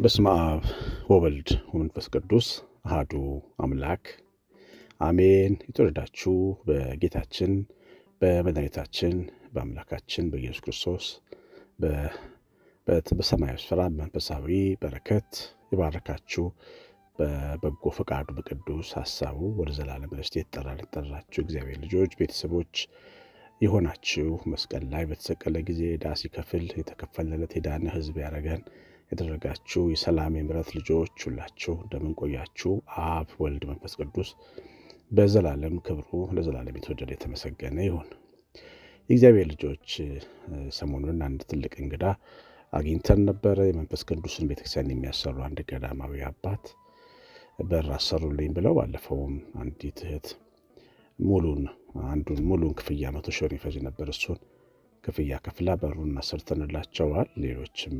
በስመ አብ ወወልድ ወመንፈስ ቅዱስ አህዱ አምላክ አሜን። የተወደዳችሁ በጌታችን በመድኃኒታችን በአምላካችን በኢየሱስ ክርስቶስ በሰማያዊ ስፍራ መንፈሳዊ በረከት የባረካችሁ በበጎ ፈቃዱ በቅዱስ ሀሳቡ ወደ ዘላለም ርስት የተጠራ ሊጠራችሁ እግዚአብሔር ልጆች ቤተሰቦች የሆናችሁ መስቀል ላይ በተሰቀለ ጊዜ ዕዳ ሲከፍል የተከፈለለት የዳነ ሕዝብ ያደረገን ያደረጋችሁ የሰላም የምሕረት ልጆች ሁላችሁ እንደምንቆያችሁ አብ ወልድ መንፈስ ቅዱስ በዘላለም ክብሩ ለዘላለም የተወደደ የተመሰገነ ይሁን። የእግዚአብሔር ልጆች ሰሞኑን አንድ ትልቅ እንግዳ አግኝተን ነበረ። የመንፈስ ቅዱስን ቤተክርስቲያን የሚያሰሩ አንድ ገዳማዊ አባት በር አሰሩልኝ ብለው ባለፈውም አንዲት እህት ሙሉን አንዱን ሙሉን ክፍያ መቶ ሺህ ብር ይፈጅ ነበር እሱን ክፍያ ከፍላ በሩን አሰርተንላቸዋል። ሌሎችም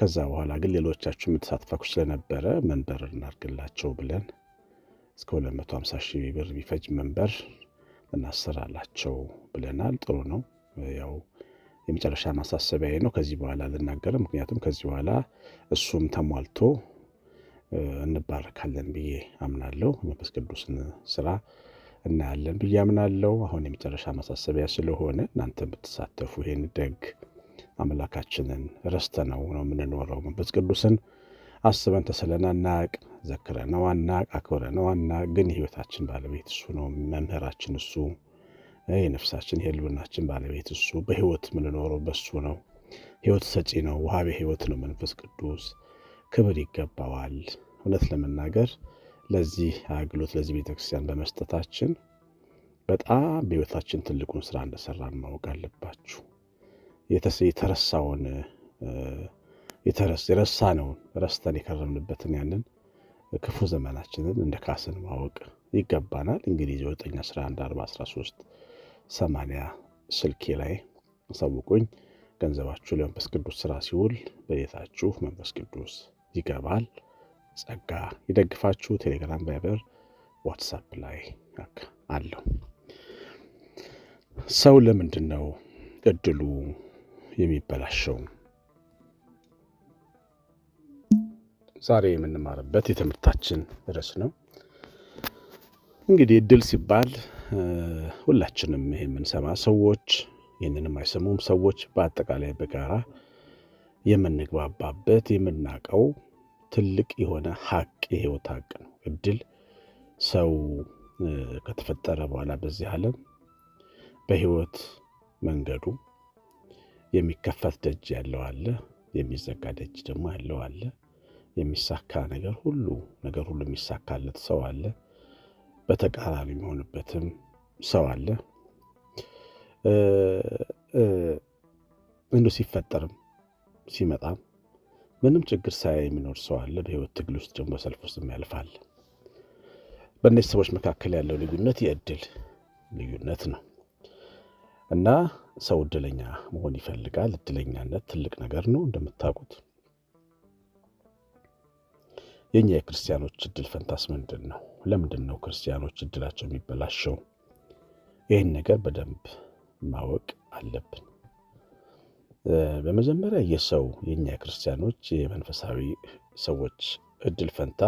ከዛ በኋላ ግን ሌሎቻችሁ የምትሳትፋችሁ ስለነበረ መንበር እናርግላቸው ብለን እስከ 250 ሺህ ብር ቢፈጅ መንበር እናሰራላቸው ብለናል። ጥሩ ነው። ያው የመጨረሻ ማሳሰቢያ ነው። ከዚህ በኋላ ልናገርም፣ ምክንያቱም ከዚህ በኋላ እሱም ተሟልቶ እንባረካለን ብዬ አምናለሁ። መንፈስ ቅዱስን ስራ እናያለን ብዬ አምናለሁ። አሁን የመጨረሻ ማሳሰቢያ ስለሆነ እናንተ ብትሳተፉ ይህን ደግ አምላካችንን ረስተ ነው ነው የምንኖረው። መንፈስ ቅዱስን አስበን ተስለን አናቅ፣ ዘክረ ነው አናቅ፣ አክብረ ነው አናቅ። ግን የህይወታችን ባለቤት እሱ ነው፣ መምህራችን እሱ፣ የነፍሳችን የህልውናችን ባለቤት እሱ። በህይወት የምንኖረው በሱ ነው። ህይወት ሰጪ ነው፣ ውሃቤ ህይወት ነው መንፈስ ቅዱስ ክብር ይገባዋል። እውነት ለመናገር ለዚህ አገልግሎት ለዚህ ቤተክርስቲያን በመስጠታችን በጣም በህይወታችን ትልቁን ስራ እንደሰራን ማወቅ አለባችሁ። የተረሳውን የረሳነውን ረስተን የከረምንበትን ያንን ክፉ ዘመናችንን እንደ ካስን ማወቅ ይገባናል። እንግዲህ 91143 ሰማንያ ስልኬ ላይ አሳውቁኝ። ገንዘባችሁ ለመንፈስ ቅዱስ ስራ ሲውል በቤታችሁ መንፈስ ቅዱስ ይገባል። ጸጋ ይደግፋችሁ ቴሌግራም፣ ቫይበር፣ ዋትሳፕ ላይ አለው። ሰው ለምንድን ነው እድሉ የሚበላሸው? ዛሬ የምንማርበት የትምህርታችን ርዕስ ነው። እንግዲህ እድል ሲባል ሁላችንም የምንሰማ ሰዎች፣ ይህንንም የማይሰሙም ሰዎች በአጠቃላይ በጋራ የምንግባባበት የምናቀው? ትልቅ የሆነ ሀቅ የህይወት ሀቅ ነው። እድል ሰው ከተፈጠረ በኋላ በዚህ ዓለም በህይወት መንገዱ የሚከፈት ደጅ ያለው አለ፣ የሚዘጋ ደጅ ደግሞ ያለው አለ። የሚሳካ ነገር ሁሉ ነገር ሁሉ የሚሳካለት ሰው አለ፣ በተቃራኒ የሚሆንበትም ሰው አለ። እንዲሁ ሲፈጠርም ሲመጣም ምንም ችግር ሳያይ የሚኖር ሰው አለ። በህይወት ትግል ውስጥ ደግሞ በሰልፍ ውስጥ የሚያልፋል። በእነዚህ ሰዎች መካከል ያለው ልዩነት የእድል ልዩነት ነው እና ሰው እድለኛ መሆን ይፈልጋል። እድለኛነት ትልቅ ነገር ነው እንደምታውቁት። የእኛ የክርስቲያኖች እድል ፈንታስ ምንድን ነው? ለምንድን ነው ክርስቲያኖች እድላቸው የሚበላሸው? ይህን ነገር በደንብ ማወቅ አለብን። በመጀመሪያ የሰው የእኛ ክርስቲያኖች የመንፈሳዊ ሰዎች እድል ፈንታ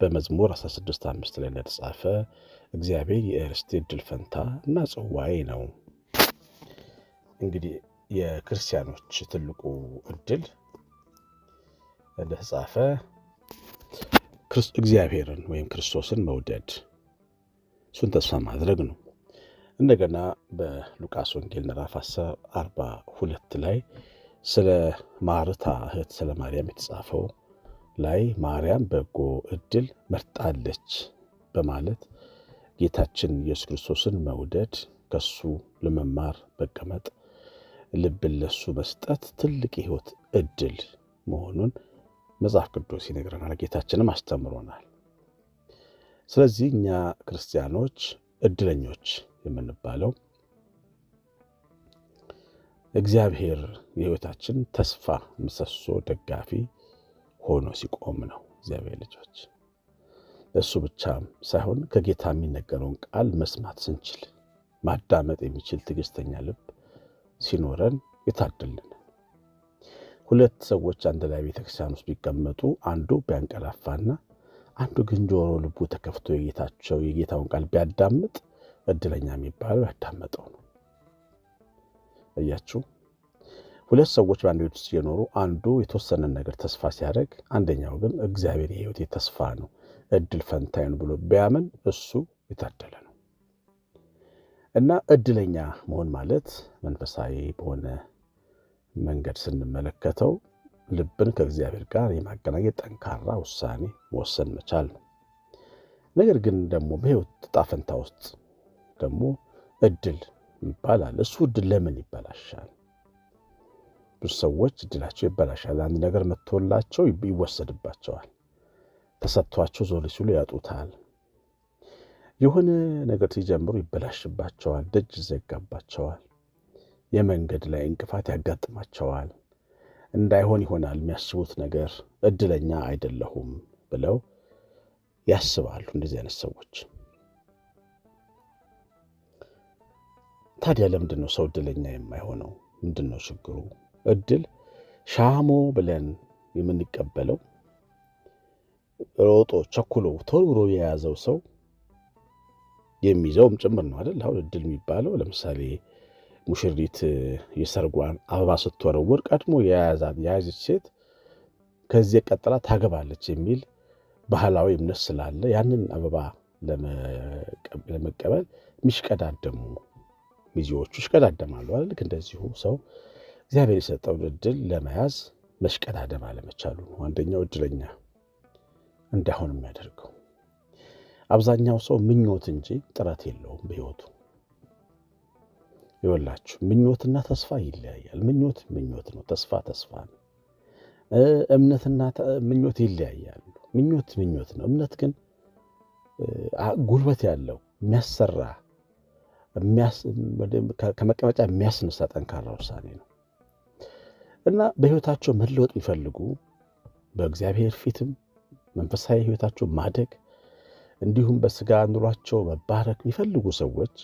በመዝሙር 16 5 ላይ ለተጻፈ እግዚአብሔር የእርስቴ እድል ፈንታ እና ጽዋዬ ነው። እንግዲህ የክርስቲያኖች ትልቁ እድል እንደተጻፈ እግዚአብሔርን ወይም ክርስቶስን መውደድ እሱን ተስፋ ማድረግ ነው። እንደገና በሉቃስ ወንጌል ምዕራፍ 42 ላይ ስለ ማርታ እህት ስለ ማርያም የተጻፈው ላይ ማርያም በጎ እድል መርጣለች በማለት ጌታችን ኢየሱስ ክርስቶስን መውደድ፣ ከሱ ለመማር መቀመጥ፣ ልብን ለሱ መስጠት ትልቅ የህይወት እድል መሆኑን መጽሐፍ ቅዱስ ይነግረናል፣ ጌታችንም አስተምሮናል። ስለዚህ እኛ ክርስቲያኖች እድለኞች የምንባለው እግዚአብሔር የህይወታችን ተስፋ ምሰሶ ደጋፊ ሆኖ ሲቆም ነው። እግዚአብሔር ልጆች እሱ ብቻ ሳይሆን ከጌታ የሚነገረውን ቃል መስማት ስንችል ማዳመጥ የሚችል ትዕግስተኛ ልብ ሲኖረን የታደልን። ሁለት ሰዎች አንድ ላይ ቤተክርስቲያን ውስጥ ቢቀመጡ አንዱ ቢያንቀላፋና አንዱ ግን ጆሮ ልቡ ተከፍቶ የጌታቸው የጌታውን ቃል ቢያዳምጥ እድለኛ የሚባለው ያዳመጠው ነው። እያችሁ ሁለት ሰዎች በአንድ ቤት ውስጥ እየኖሩ አንዱ የተወሰነ ነገር ተስፋ ሲያደርግ፣ አንደኛው ግን እግዚአብሔር የህይወት ተስፋ ነው እድል ፈንታይ ነው ብሎ ቢያምን እሱ የታደለ ነው እና እድለኛ መሆን ማለት መንፈሳዊ በሆነ መንገድ ስንመለከተው ልብን ከእግዚአብሔር ጋር የማገናኘት ጠንካራ ውሳኔ መወሰን መቻል ነው። ነገር ግን ደግሞ በህይወት እጣ ፈንታ ውስጥ ደግሞ እድል ይባላል። እሱ እድል ለምን ይበላሻል? ብዙ ሰዎች እድላቸው ይበላሻል። አንድ ነገር መጥቶላቸው ይወሰድባቸዋል። ተሰጥቷቸው ዞር ሲሉ ያጡታል። የሆነ ነገር ሲጀምሩ ይበላሽባቸዋል። ደጅ ይዘጋባቸዋል። የመንገድ ላይ እንቅፋት ያጋጥማቸዋል። እንዳይሆን ይሆናል የሚያስቡት ነገር እድለኛ አይደለሁም ብለው ያስባሉ። እንደዚህ አይነት ሰዎች ታዲያ ለምንድን ነው ሰው እድለኛ የማይሆነው? ምንድን ነው ችግሩ? እድል ሻሞ ብለን የምንቀበለው ሮጦ ቸኩሎ ተሩሮ የያዘው ሰው የሚይዘውም ጭምር ነው አይደል? አሁን እድል የሚባለው ለምሳሌ ሙሽሪት የሰርጓን አበባ ስትወረውር ቀድሞ የያዛት የያዘች ሴት ከዚህ ቀጥላ ታገባለች የሚል ባህላዊ እምነት ስላለ ያንን አበባ ለመቀበል የሚሽቀዳደሙ ሚዜዎቹ ይሽቀዳደማሉ ልክ እንደዚሁ ሰው እግዚአብሔር የሰጠውን እድል ለመያዝ መሽቀዳደም አለመቻሉ ነው አንደኛው እድለኛ እንዳይሆን የሚያደርገው። አብዛኛው ሰው ምኞት እንጂ ጥረት የለውም በህይወቱ። ይወላችሁ ምኞትና ተስፋ ይለያያል። ምኞት ምኞት ነው፣ ተስፋ ተስፋ ነው። እምነትና ምኞት ይለያያሉ። ምኞት ምኞት ነው። እምነት ግን ጉልበት ያለው የሚያሰራ ከመቀመጫ የሚያስነሳ ጠንካራ ውሳኔ ነው እና በህይወታቸው መለወጥ የሚፈልጉ በእግዚአብሔር ፊትም መንፈሳዊ ህይወታቸው ማደግ እንዲሁም በስጋ ኑሯቸው መባረክ የሚፈልጉ ሰዎች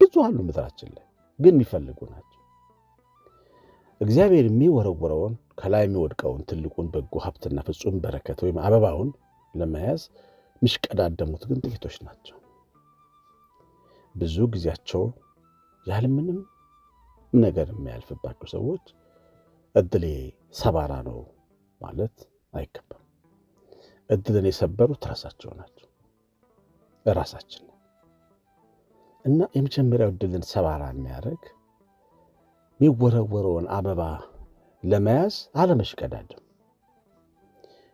ብዙ አሉ። ምድራችን ላይ ግን የሚፈልጉ ናቸው። እግዚአብሔር የሚወረወረውን ከላይ የሚወድቀውን ትልቁን በጎ ሀብትና ፍጹም በረከት ወይም አበባውን ለመያዝ የሚሽቀዳደሙት ግን ጥቂቶች ናቸው። ብዙ ጊዜያቸው ያለምንም ነገር የሚያልፍባቸው ሰዎች እድሌ ሰባራ ነው ማለት አይገባም። እድልን የሰበሩት ራሳቸው ናቸው፣ ራሳችን እና የመጀመሪያው እድልን ሰባራ የሚያደርግ የሚወረወረውን አበባ ለመያዝ አለመሽቀዳድም።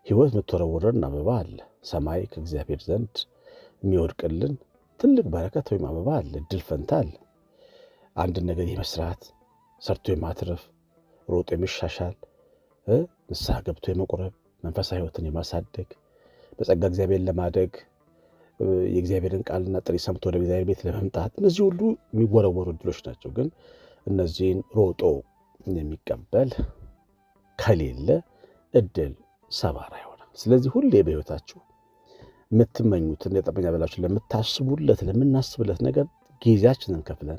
ህይወት የምትወረውረን አበባ አለ። ሰማይ ከእግዚአብሔር ዘንድ የሚወድቅልን ትልቅ በረከት ወይም አበባ አለ፣ እድል ፈንታ አለ። አንድን ነገር የመስራት ሰርቶ የማትረፍ ሮጦ የመሻሻል ንስሐ ገብቶ የመቁረብ መንፈሳዊ ሕይወትን የማሳደግ በጸጋ እግዚአብሔር ለማደግ የእግዚአብሔርን ቃልና ጥሪ ሰምቶ ወደ እግዚአብሔር ቤት ለመምጣት እነዚህ ሁሉ የሚወረወሩ እድሎች ናቸው። ግን እነዚህን ሮጦ የሚቀበል ከሌለ እድል ሰባራ ይሆናል። ስለዚህ ሁሌ በሕይወታችሁ የምትመኙት ለጠበኛ ብላችሁ ለምታስቡለት ለምናስብለት ነገር ጊዜያችንን ከፍለን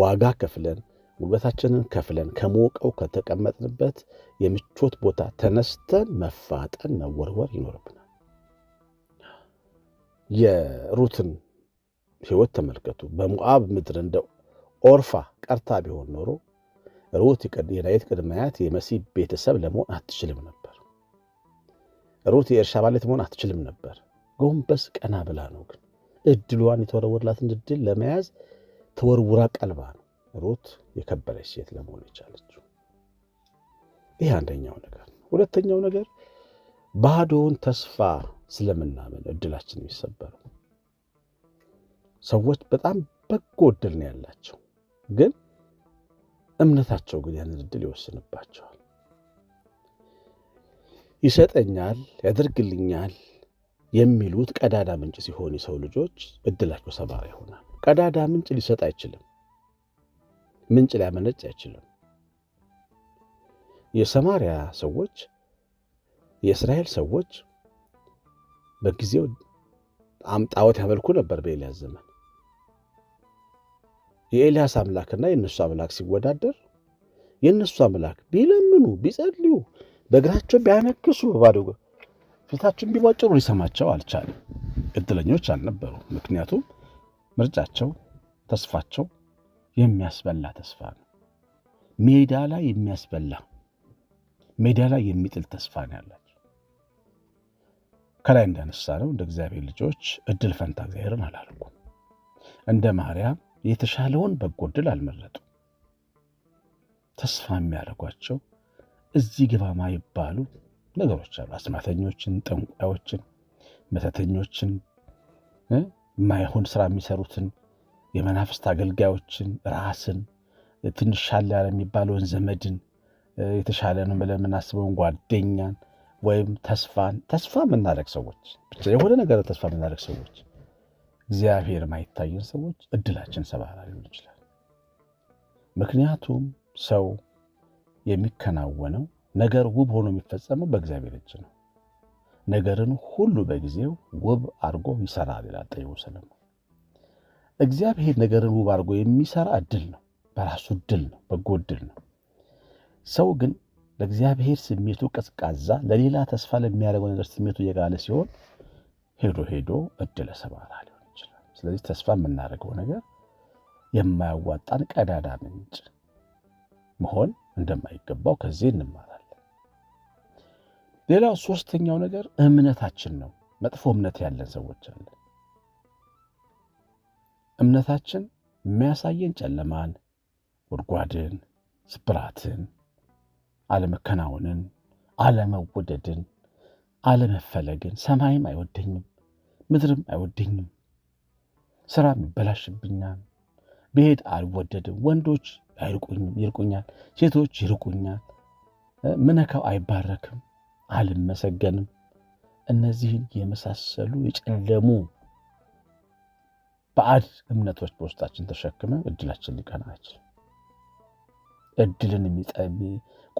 ዋጋ ከፍለን ጉልበታችንን ከፍለን ከሞቀው ከተቀመጥንበት የምቾት ቦታ ተነስተን መፋጠን መወርወር ይኖርብናል። የሩትን ሕይወት ተመልከቱ። በሞአብ ምድር እንደ ኦርፋ ቀርታ ቢሆን ኖሮ ሩት የዳዊት ቅድመ አያት የመሲህ ቤተሰብ ለመሆን አትችልም ነበር። ሩት የእርሻ ባለቤት መሆን አትችልም ነበር። ጎንበስ ቀና ብላ ነው። ግን እድሏን የተወረወረላትን እድል ለመያዝ ተወርውራ ቀልባ ነው ሩት የከበረች ሴት ለመሆን የቻለችው። ይህ አንደኛው ነገር ሁለተኛው ነገር ባዶውን ተስፋ ስለምናምን እድላችን የሚሰበረው ሰዎች በጣም በጎ እድል ነው ያላቸው፣ ግን እምነታቸው ግን ያንን እድል ይወስንባቸዋል። ይሰጠኛል፣ ያደርግልኛል የሚሉት ቀዳዳ ምንጭ ሲሆን የሰው ልጆች እድላቸው ሰባሪ ይሆናል። ቀዳዳ ምንጭ ሊሰጥ አይችልም። ምንጭ ሊያመነጭ አይችልም። የሰማሪያ ሰዎች የእስራኤል ሰዎች በጊዜው አምጣወት ያመልኩ ነበር። በኤልያስ ዘመን የኤልያስ አምላክና የእነሱ አምላክ ሲወዳደር የእነሱ አምላክ ቢለምኑ ቢጸልዩ፣ በእግራቸው ቢያነክሱ በባዶ ፊታችን ቢቧጭሩ ሊሰማቸው አልቻለም። እድለኞች አልነበሩ። ምክንያቱም ምርጫቸው ተስፋቸው የሚያስበላ ተስፋ ነው። ሜዳ ላይ የሚያስበላ ሜዳ ላይ የሚጥል ተስፋ ነው ያላቸው። ከላይ እንዳነሳ ነው እንደ እግዚአብሔር ልጆች እድል ፈንታ እግዚአብሔርን አላልኩም። እንደ ማርያም የተሻለውን በጎ እድል አልመረጡም። ተስፋ የሚያደርጓቸው እዚህ ግባ ማይባሉ ነገሮች አሉ። አስማተኞችን፣ ጠንቋዮችን፣ መተተኞችን፣ የማይሆን ስራ የሚሰሩትን፣ የመናፍስት አገልጋዮችን፣ ራስን ትንሽ ሻል ያለ የሚባለውን ዘመድን፣ የተሻለ ነው ብለን የምናስበውን ጓደኛን ወይም ተስፋን ተስፋ የምናደርግ ሰዎች ብቻ የሆነ ነገር ተስፋ የምናደርግ ሰዎች እግዚአብሔር የማይታየን ሰዎች እድላችን ሰባራ ሊሆን ይችላል። ምክንያቱም ሰው የሚከናወነው ነገር ውብ ሆኖ የሚፈጸመው በእግዚአብሔር እጅ ነው። ነገርን ሁሉ በጊዜው ውብ አድርጎ ይሰራል ይላል ጠቢቡ ሰለሞን። እግዚአብሔር ነገርን ውብ አድርጎ የሚሰራ እድል ነው፣ በራሱ እድል ነው፣ በጎ እድል ነው። ሰው ግን ለእግዚአብሔር ስሜቱ ቀዝቃዛ፣ ለሌላ ተስፋ ለሚያደርገው ነገር ስሜቱ የጋለ ሲሆን ሄዶ ሄዶ እድለ ሰባራ ሊሆን ይችላል። ስለዚህ ተስፋ የምናደርገው ነገር የማያዋጣን ቀዳዳ ምንጭ መሆን እንደማይገባው ከዚህ እንማራለን። ሌላው ሶስተኛው ነገር እምነታችን ነው። መጥፎ እምነት ያለን ሰዎች አለ። እምነታችን የሚያሳየን ጨለማን፣ ጉድጓድን፣ ስብራትን፣ አለመከናወንን፣ አለመወደድን፣ አለመፈለግን፣ ሰማይም አይወደኝም፣ ምድርም አይወደኝም፣ ስራም ይበላሽብኛል፣ ብሄድ አልወደድም፣ ወንዶች ይርቁኛል፣ ሴቶች ይርቁኛል፣ ምነካው አይባረክም አልመሰገንም። እነዚህን የመሳሰሉ የጨለሙ ባዕድ እምነቶች በውስጣችን ተሸክመ እድላችን ሊቀና አይችልም። እድልን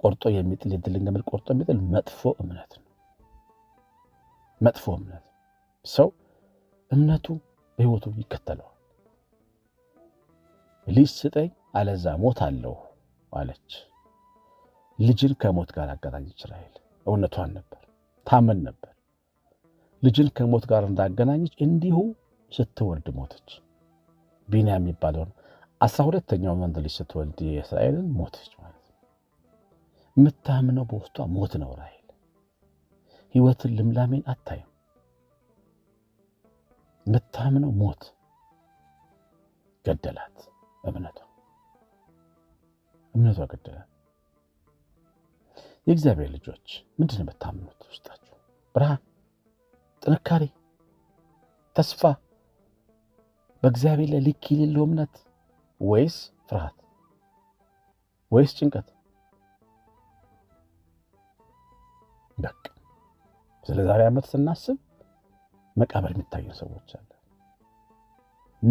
ቆርጦ የሚጥል እድልን ገመድ ቆርጦ የሚጥል መጥፎ እምነት ነው። መጥፎ እምነት ሰው እምነቱ በህይወቱ ይከተለዋል። ልጅ ስጠኝ አለዛ ሞት አለው አለች። ልጅን ከሞት ጋር አገናኝ ይችላል። እውነቷን ነበር። ታመን ነበር። ልጅን ከሞት ጋር እንዳገናኘች እንዲሁ ስትወልድ ሞተች። ቢና የሚባለውን አስራ ሁለተኛውን ወንድ ልጅ ስትወልድ የእስራኤልን ሞተች ማለት ነው። የምታምነው በውስጧ ሞት ነው። ራሔል ህይወትን ልምላሜን አታይም። የምታምነው ሞት ገደላት። እምነቷ እምነቷ ገደላት። የእግዚአብሔር ልጆች ምንድን ነው የምታምኑት? ውስጣችሁ ብርሃን፣ ጥንካሬ፣ ተስፋ በእግዚአብሔር ላይ ልክ የሌለው እምነት ወይስ ፍርሃት ወይስ ጭንቀት? በቃ ስለ ዛሬ ዓመት ስናስብ መቃብር የሚታየን ሰዎች አለ።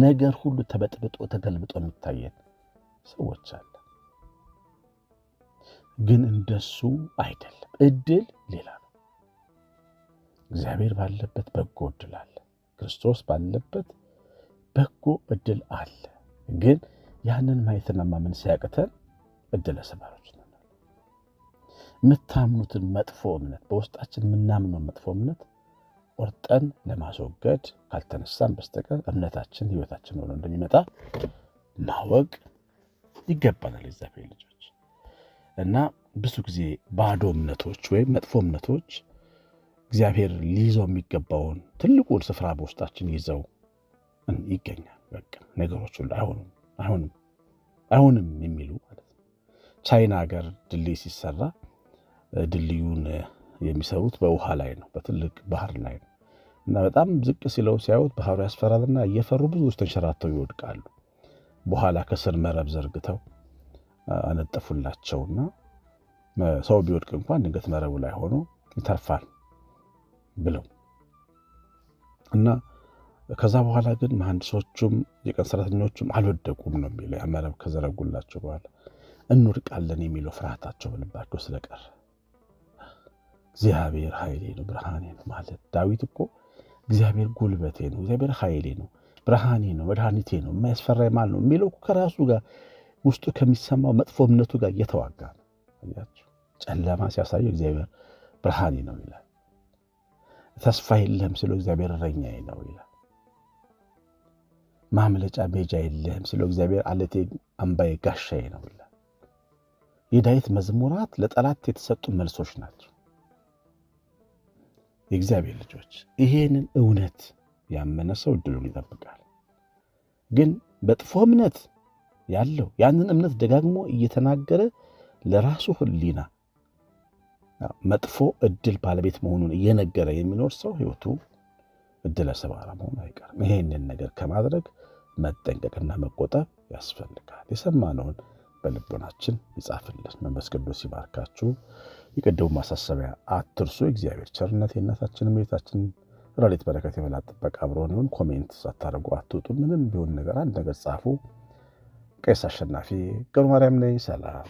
ነገር ሁሉ ተበጥብጦ ተገልብጦ የሚታየን ሰዎች አለ። ግን እንደሱ አይደለም። እድል ሌላ ነው። እግዚአብሔር ባለበት በጎ እድል አለ። ክርስቶስ ባለበት በጎ እድል አለ። ግን ያንን ማየትና ማመን ሲያቅተን እድለ ሰባሮች ነን። የምታምኑትን መጥፎ እምነት በውስጣችን የምናምነው መጥፎ እምነት ቆርጠን ለማስወገድ ካልተነሳን በስተቀር እምነታችን ህይወታችን ሆኖ እንደሚመጣ ማወቅ ይገባናል። የእግዚአብሔር ልጅ እና ብዙ ጊዜ ባዶ እምነቶች ወይም መጥፎ እምነቶች እግዚአብሔር ሊይዘው የሚገባውን ትልቁን ስፍራ በውስጣችን ይዘው ይገኛል። በቃ ነገሮች ሁሉ አይሆኑም አይሆንም አይሆንም የሚሉ ማለት ነው። ቻይና ሀገር ድልድይ ሲሰራ ድልድዩን የሚሰሩት በውሃ ላይ ነው፣ በትልቅ ባህር ላይ ነው እና በጣም ዝቅ ሲለው ሲያዩት ባህሩ ያስፈራልና እየፈሩ ብዙዎች ተንሸራተው ይወድቃሉ። በኋላ ከስር መረብ ዘርግተው አነጠፉላቸውና ሰው ቢወድቅ እንኳን ድንገት መረቡ ላይ ሆኖ ይተርፋል ብለው እና ከዛ በኋላ ግን መሐንዲሶቹም የቀን ሰራተኞቹም አልወደቁም ነው የሚለው መረብ ከዘረጉላቸው በኋላ እንወድቃለን የሚለው ፍርሃታቸው በልባቸው ስለቀረ እግዚአብሔር ኃይሌ ነው ብርሃኔ ነው ማለት ዳዊት እኮ እግዚአብሔር ጉልበቴ ነው፣ እግዚአብሔር ኃይሌ ነው፣ ብርሃኔ ነው፣ መድኃኒቴ ነው፣ የማያስፈራኝ ማን ነው የሚለው ከራሱ ጋር ውስጡ ከሚሰማው መጥፎ እምነቱ ጋር እየተዋጋ ነው። ጨለማ ሲያሳየው እግዚአብሔር ብርሃኔ ነው ይላል። ተስፋ የለህም ስለው እግዚአብሔር እረኛዬ ነው ይላል። ማምለጫ ቤጃ የለህም ስለው እግዚአብሔር አለቴ አምባዬ ጋሻዬ ነው ይላል። የዳዊት መዝሙራት ለጠላት የተሰጡ መልሶች ናቸው። የእግዚአብሔር ልጆች ይሄንን እውነት ያመነ ሰው እድሉን ይጠብቃል። ግን በጥፎ እምነት ያለው ያንን እምነት ደጋግሞ እየተናገረ ለራሱ ህሊና መጥፎ እድል ባለቤት መሆኑን እየነገረ የሚኖር ሰው ህይወቱ እድለ ሰባራ መሆኑ አይቀርም። ይሄንን ነገር ከማድረግ መጠንቀቅና መቆጠብ ያስፈልጋል። የሰማነውን በልቦናችን ይጻፍልን። መንፈስ ቅዱስ ይባርካችሁ። የቀደሙ ማሳሰቢያ አትርሱ። እግዚአብሔር ቸርነት የእናታችን ቤታችን ረድኤት በረከት የበላ ጥበቃ አብሮን ይሁን። ኮሜንት ሳታደርጉ አትውጡ። ምንም ቢሆን ነገር አንድ ነገር ጻፉ። ቄስ አሸናፊ ገብረ ማርያም ነኝ። ሰላም